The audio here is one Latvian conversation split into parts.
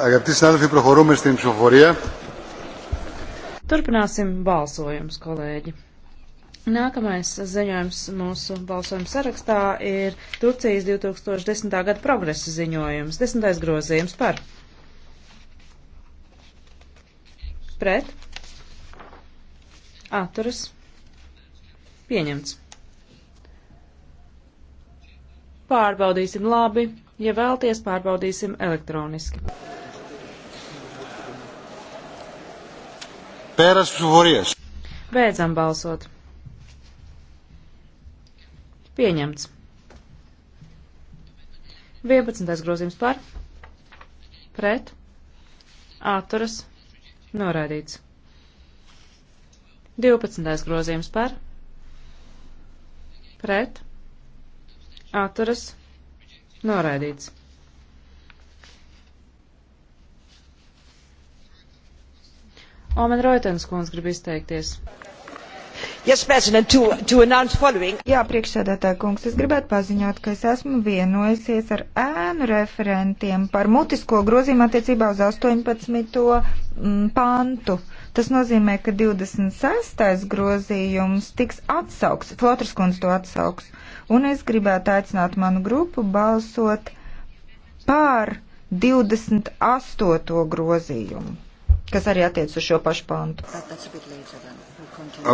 Αγαπητοί συνάδελφοι, προχωρούμε στην ψηφοφορία. Turpināsim balsojums, kolēģi. Nākamais ziņojums mūsu balsojuma sarakstā ir Turcijas 2010. gada progresa ziņojums, desmitais grozījums par. Pret. Atturas. Pieņemts. Pārbaudīsim labi. Ja vēlties, pārbaudīsim elektroniski. Pēras Vorijas. Beidzam balsot. Pieņemts. 11. grozījums par, pret, atturas, noraidīts. 12. grozījums par, pret, atturas, Noraidīts. Omen Roitens kundz grib izteikties. Yes, to, to Jā, priekšsēdētāja kungs, es gribētu paziņot, ka es esmu vienojusies ar ēnu referentiem par mutisko grozījumu attiecībā uz 18. Mm, pantu. Tas nozīmē, ka 26. grozījums tiks atsauks, Flotras kundze to atsauks. Un es gribētu aicināt manu grupu balsot pār 28. grozījumu, kas arī attiec uz šo pašu pantu.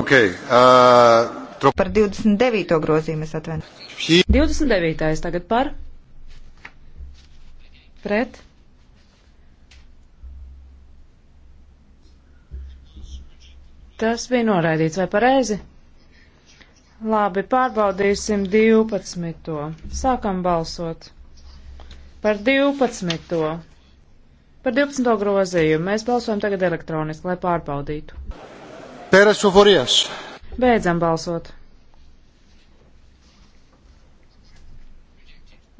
Okay, uh, par 29. grozījumu es atvainu. 29. tagad par? Pret? Tas bija noraidīts, vai pareizi? Labi, pārbaudīsim 12. Sākam balsot. Par 12. Par 12. grozījumu mēs balsojam tagad elektroniski, lai pārbaudītu. Pēras Uforijas. Beidzam balsot.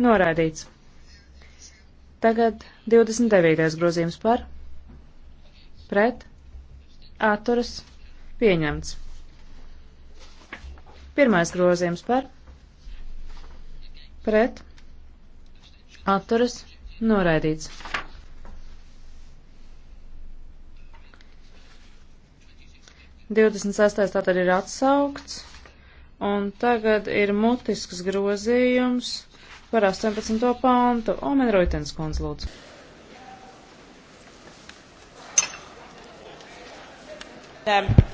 Noraidīts. Tagad 29. grozījums par. Pret. Atturas. Pieņemts. Pirmais grozījums par pret atturas noraidīts. Divdesmit sestais tātad ir atsaukts, un tagad ir mutisks grozījums par 18. pāntu. Omen Roitens kundz lūdzu. Um.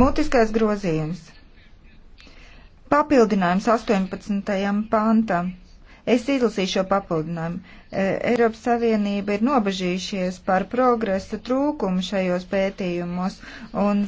Mutiskais grozījums. Papildinājums 18. pantam. Es izlasīšu šo papildinājumu. E, Eiropas Savienība ir nobežījušies par progresa trūkumu šajos pētījumos un,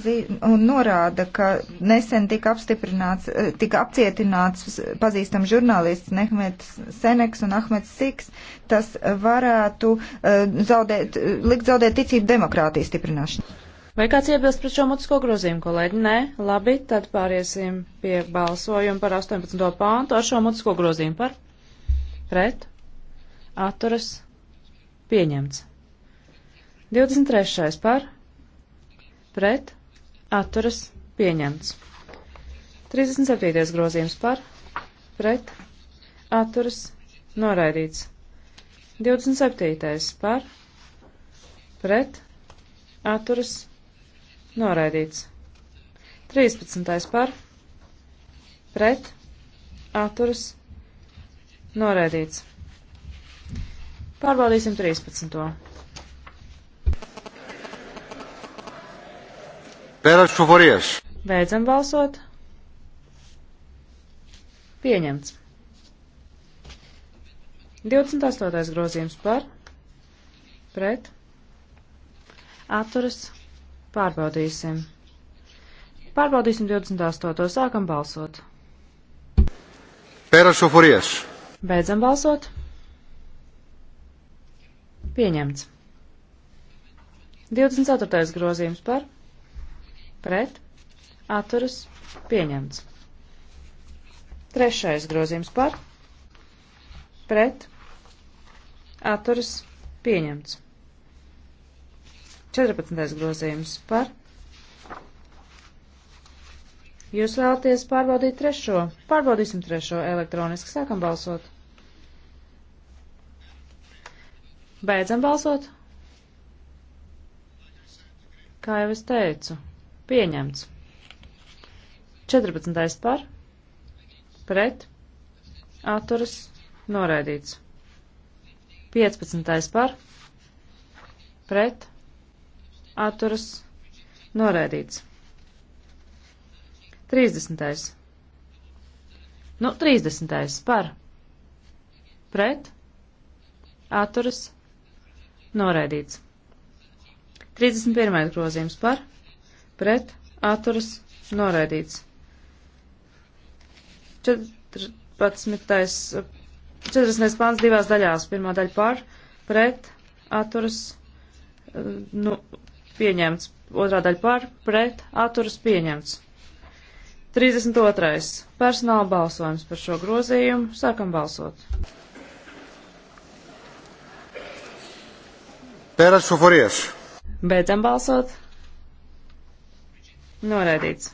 un norāda, ka nesen tika apstiprināts, e, tika apcietināts pazīstams žurnālists Nehmets Seneks un Ahmets Siks. Tas varētu e, zaudēt, likt zaudēt ticību demokrātijas stiprināšanai. Vai kāds iebilst pret šo mutisko grozījumu, kolēģi? Nē, labi, tad pāriesim pie balsojuma par 18. pāntu ar šo mutisko grozījumu par pret atturas pieņemts. 23. par pret atturas pieņemts. 37. grozījums par pret atturas noraidīts. 27. par pret atturas pieņemts Noraidīts. 13. par. Pret. Atturas. Noraidīts. Pārbaudīsim 13. Pēras šuforijas. Beidzam balsot. Pieņemts. 28. grozījums par, pret, atturas, Pārbaudīsim. Pārbaudīsim 28. Sākam balsot. Pērašu furiešu. Beidzam balsot. Pieņemts. 24. grozījums par, pret, atturas, pieņemts. Trešais grozījums par, pret, atturas, pieņemts. 14. grozījums par. Jūs vēlaties pārbaudīt trešo? Pārbaudīsim trešo elektroniski. Sākam balsot. Beidzam balsot. Kā jau es teicu, pieņemts. 14. par, pret, atturas, noraidīts. 15. par, pret, atturas noraidīts. 30. Nu, 30. par pret atturas noraidīts. 31. grozījums par pret atturas noraidīts. 14. 40. pāns divās daļās. Pirmā daļa par pret atturas nu, pieņemts. Otrā daļa par, pret, atturas pieņemts. 32. Personāla balsojums par šo grozījumu. Sākam balsot. Pēras Foforijas. Beidzam balsot. Noraidīts.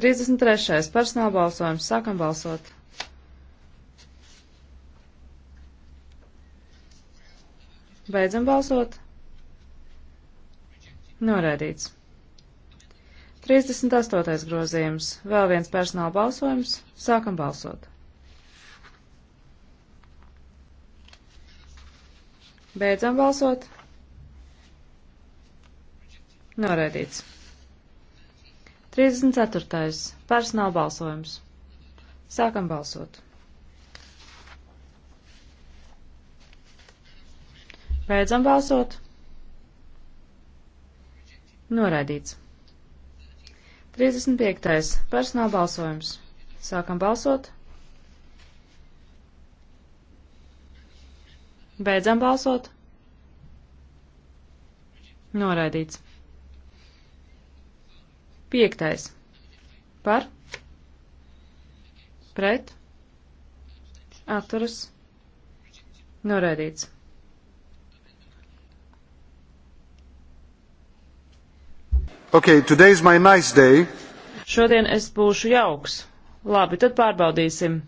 33. Personāla balsojums. Sākam balsot. Beidzam balsot. Norēdīts. 38. grozījums. Vēl viens personāla balsojums. Sākam balsot. Beidzam balsot. Norēdīts. 34. personāla balsojums. Sākam balsot. Beidzam balsot. Noraidīts. 35. Personāla balsojums. Sākam balsot. Beidzam balsot. Noraidīts. 5. Par. Pret. Atturas. Noraidīts. Okay, today is my nice day. Šodien es būšu jauks. Labi, tad pārbaudīsim.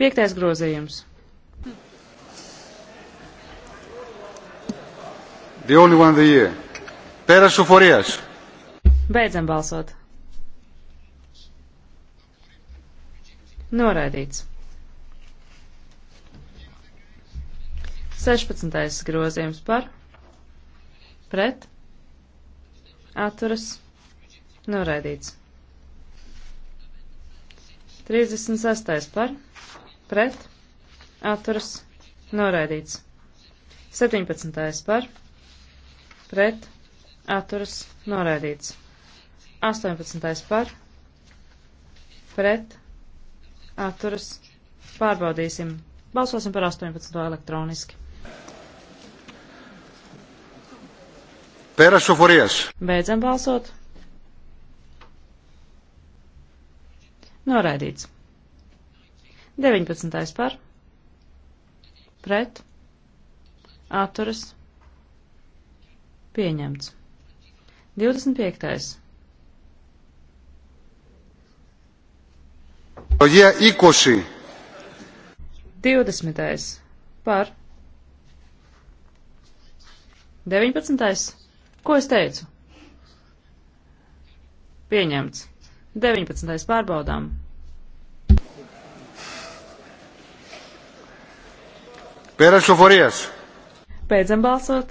Piektais grozījums. The only one the year. Pērašu forijas. Beidzam balsot. Noraidīts. 16. grozījums par pret atturas noraidīts. 36. par pret atturas noraidīts. 17. par pret atturas noraidīts. 18. par pret atturas pārbaudīsim. Balsosim par 18. elektroniski. Pērašoforijas. Beidzam balsot. Noraidīts. 19. par. Pret. Atturas. Pieņemts. 25. Loģija 20. 20. par. 19. Ko es teicu? Pieņemts. 19. pārbaudām. Pēras šoforijas. Beidzam balsot.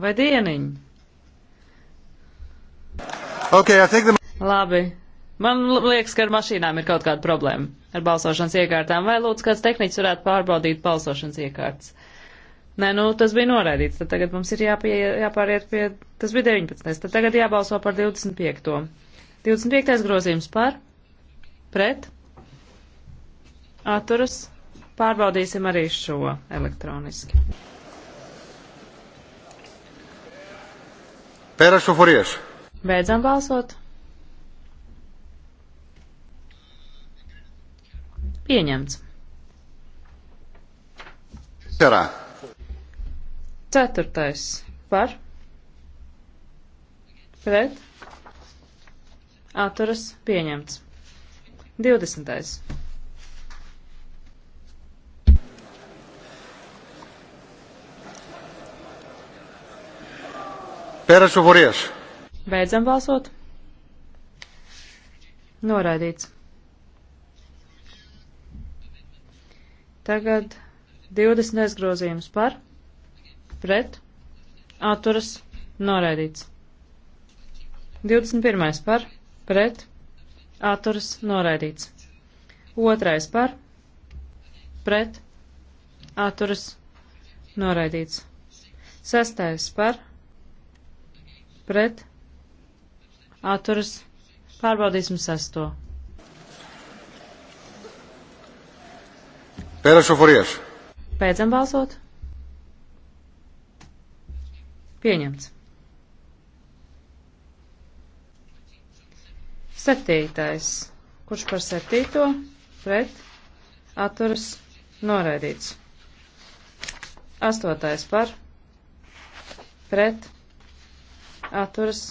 Vai dieniņ? Okay, the... Labi. Man liekas, ka ar mašīnām ir kaut kāda problēma ar balsošanas iekārtām. Vai lūdzu, kāds tehniķis varētu pārbaudīt balsošanas iekārtas? Nē, nu tas bija noraidīts, tad tagad mums ir jāpie, jāpāriet pie, tas bija 19. Tad tagad jābalso par 25. 25. grozījums par, pret, atturas, pārbaudīsim arī šo elektroniski. Pērašu foriešu. Beidzam balsot. Pieņemts. Pērā. Ceturtais par pret atturas pieņemts. 20. Pērašu voriešu. Beidzam balsot. Noraidīts. Tagad 20. grozījums par pret, atturas, noraidīts. 21. par, pret, atturas, noraidīts. 2. par, pret, atturas, noraidīts. 6. par, pret, atturas, pārbaudīsim 6. Pēdējais šoforiešu. Beidzam balsot. Pieņemts. Septītais. Kurš par septīto? Pret. Atturas. Noraidīts. Astotais par. Pret. Atturas.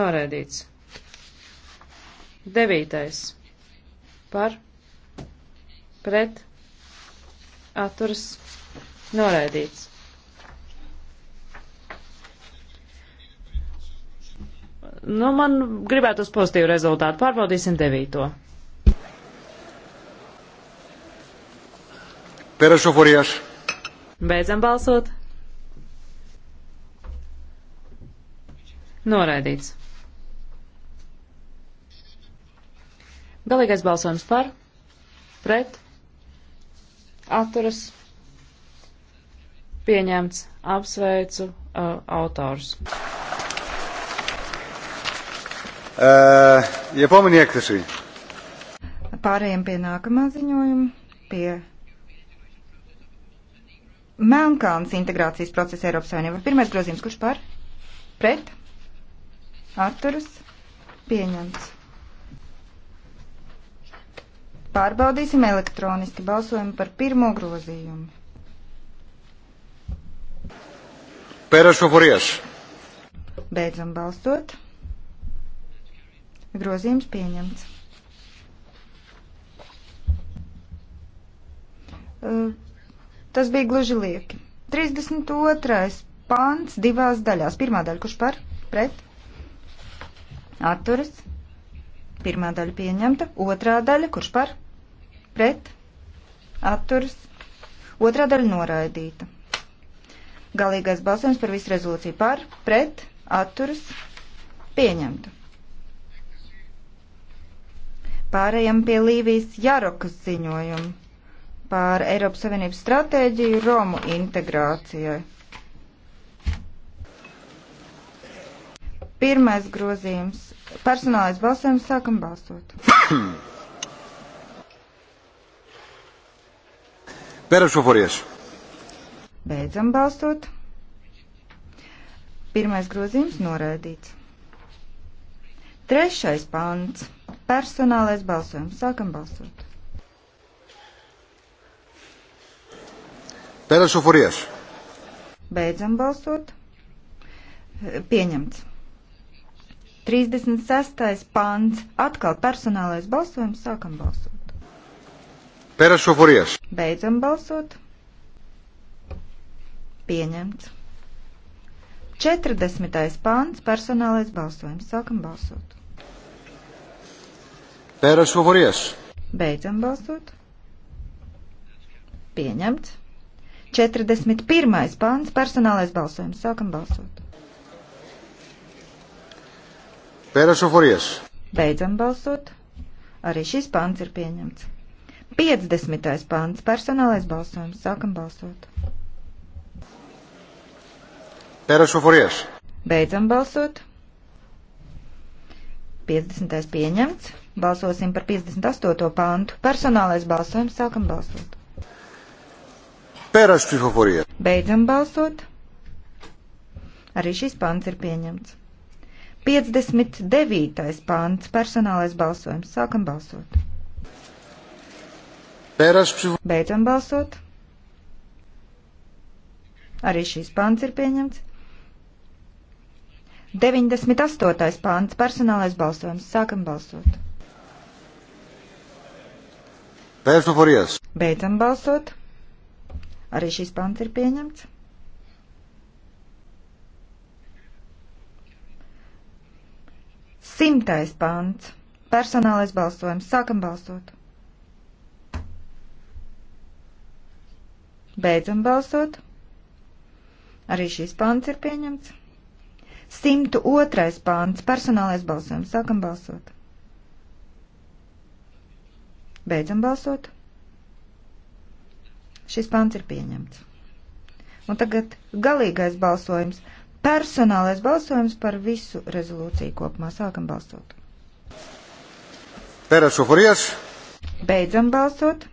Noraidīts. Devītais. Par. Pret. Atturas. Noraidīts. Nu, man gribētu uz pozitīvu rezultātu. Pārbaudīsim devīto. Pērašoforijas. Beidzam balsot. Noraidīts. Galīgais balsojums par, pret, atturas, pieņemts, apsveicu uh, autors. Uh, Επόμενη έκθεση. Pārējiem pie nākamā ziņojuma, pie Melnkalnas integrācijas procesa Eiropas Savienībā. Pirmais grozījums, kurš par? Pret? Atturas? Pieņemts. Pārbaudīsim elektroniski balsojumu par pirmo grozījumu. Pērašu Furiešu. Beidzam balsot. Grozījums pieņemts. Eh, tas bija gluži lieki. 32. pants divās daļās. Pirmā daļa, kurš par? Pret? Atturas. Pirmā daļa pieņemta. Otrā daļa, kurš par? Pret? Atturas. Otrā daļa noraidīta. Galīgais balsojums par visu rezolūciju par, pret, atturas, pieņemta. Pārējām pie Līvijas Jarokas ziņojumu par Eiropas Savienības stratēģiju Romu integrācijai. Pirmais grozījums. Personālais balsojums sākam balsot. Pērešofories. Beidzam balsot. Pirmais grozījums noraidīts. Trešais pants. Personālais balsojums. Sākam balsot. Pēdējais šoforijas. Beidzam balsot. Pieņemts. 36. pants. Atkal personālais balsojums. Sākam balsot. Pēdējais šoforijas. Beidzam balsot. Pieņemts. 40. pants. Personālais balsojums. Sākam balsot. Pēras favorijas. Beidzam balsot. Pieņemts. 41. pāns personālais balsojums. Sākam balsot. Pēras favorijas. Beidzam balsot. Arī šis pāns ir pieņemts. 50. pāns personālais balsojums. Sākam balsot. Pēras favorijas. Beidzam balsot. 50. pieņemts. Balsosim par 58. pantu. Personālais balsojums sākam balsot. Pērašu psihoforija. Beidzam balsot. Arī šis pants ir pieņemts. 59. pants. Personālais balsojums. Sākam balsot. Pērašu psihoforija. Beidzam balsot. Arī šis pants ir pieņemts. 98. pāns - personālais balsojums. Sākam balsot. Pēcnoforijas. Beidzam balsot. Arī šis pants ir pieņemts. Simtais pants. Personālais balsojums. Sākam balsot. Beidzam balsot. Arī šīs pants ir pieņemts. 102. pants. Personālais balsojums. Sākam balsot. Beidzam balsot. Šis pāns ir pieņemts. Un tagad galīgais balsojums, personālais balsojums par visu rezolūciju kopumā. Sākam balsot. Pēras Šufuries. Beidzam balsot.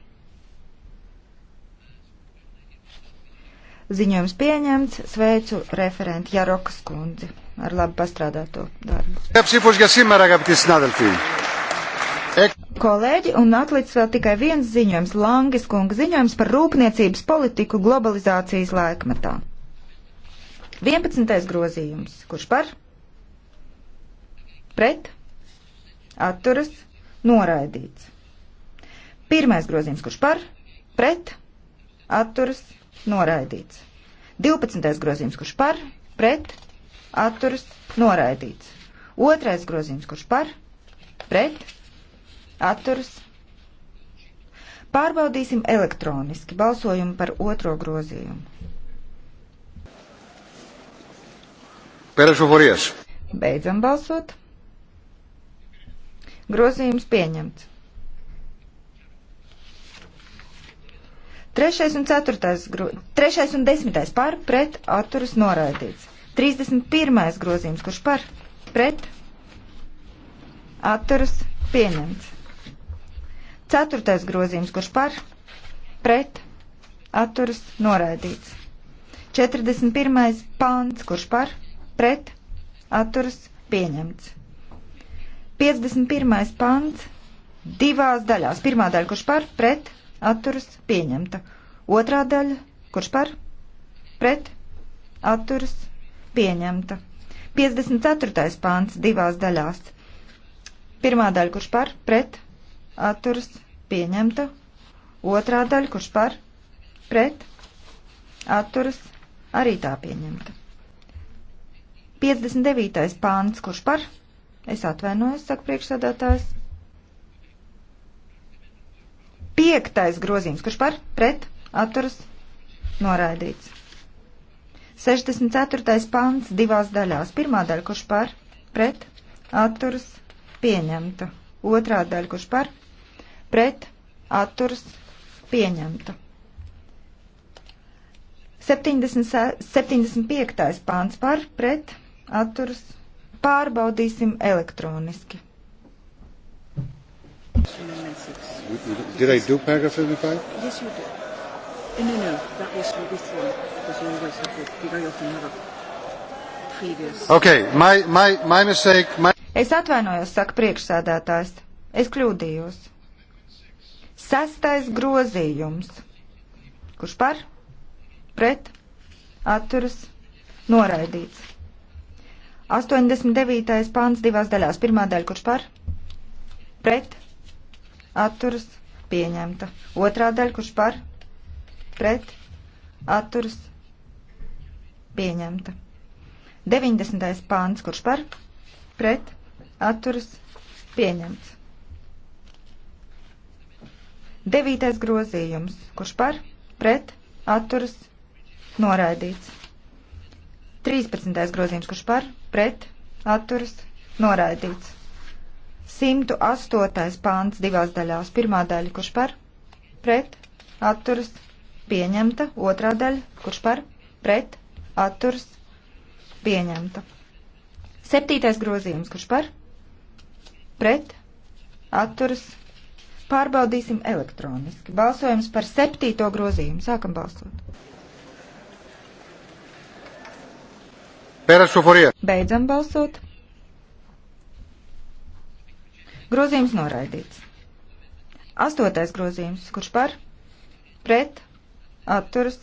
Ziņojums pieņemts. Sveicu referentu Jarokas kundzi ar labi pastrādāto darbu. Kolēģi, un atlicis vēl tikai viens ziņojums, Langis kunga ziņojums par rūpniecības politiku globalizācijas laikmetā. 11. grozījums. Kurš par? Pret? Atturas? Noraidīts. Pirmais grozījums. Kurš par? Pret? Atturas? Noraidīts. 12. grozījums. Kurš par? Pret? Atturas? Noraidīts. Otrais grozījums. Kurš par? Pret? Atturs. Pārbaudīsim elektroniski balsojumu par otro grozījumu. Pērešoforijas. Beidzam balsot. Grozījums pieņemts. Trešais un ceturtais, gro... trešais un desmitais par, pret, atturas noraidīts. 31. grozījums, kurš par, pret, atturas pieņemts. Ceturtais grozījums, kurš par, pret, atturas, noraidīts. 41. pāns, kurš par, pret, atturas, pieņemts. 51. pāns, divās daļās. Pirmā daļa, kurš par, pret, atturas, pieņemta. Otrā daļa, kurš par, pret, atturas, pieņemta. 54. pāns, divās daļās. Pirmā daļa, kurš par, pret, atturas pieņemta. Otrā daļa, kurš par, pret, atturas arī tā pieņemta. 59. pāns, kurš par, es atvainojos, saka priekšsādātājs. Piektais grozījums, kurš par, pret, atturas noraidīts. 64. pāns divās daļās. Pirmā daļa, kurš par, pret, atturas pieņemta. Otrā daļa, kurš par, pret atturas pieņemta. 70, 75. pāns par pret atturas pārbaudīsim elektroniski. Did I do paragraph 75? Yes, you did. No, no, that was withdrawn because you always have a, you very often have a previous. Okay, my, my, my mistake. My... Es atvainojos, saka priekšsēdētājs. Es kļūdījos. Sestais grozījums. Kurš par? Pret? Atturas? Noraidīts. 89. pāns divās daļās. Pirmā daļa, kurš par? Pret? Atturas? Pieņemta. Otrā daļa, kurš par? Pret? Atturas? Pieņemta. 90. pāns, kurš par? Pret? Atturas? Pieņemts. Devītais grozījums. Kurš par? Pret? Atturas? Noraidīts. 13. grozījums. Kurš par? Pret? Atturas? Noraidīts. 108. pāns divās daļās. Pirmā daļa. Kurš par? Pret? Atturas? Pieņemta. Otrā daļa. Kurš par? Pret? Atturas? Pieņemta. Septītais grozījums. Kurš par? Pret? Atturas? Pieņemta Pārbaudīsim elektroniski. Balsojums par septīto grozījumu. Sākam balsot. Beidzam balsot. Grozījums noraidīts. Astotais grozījums. Kurš par? Pret? Atturas?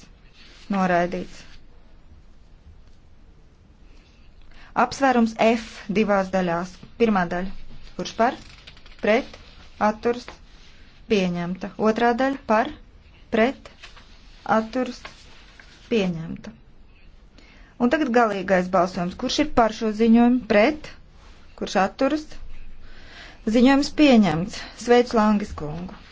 Noraidīts. Apsvērums F divās daļās. Pirmā daļa. Kurš par? Pret? Atturas? pieņemta. Otrā daļa par, pret, atturs, pieņemta. Un tagad galīgais balsojums. Kurš ir par šo ziņojumu? Pret, kurš atturs? Ziņojums pieņemts. Sveic Langis kungu!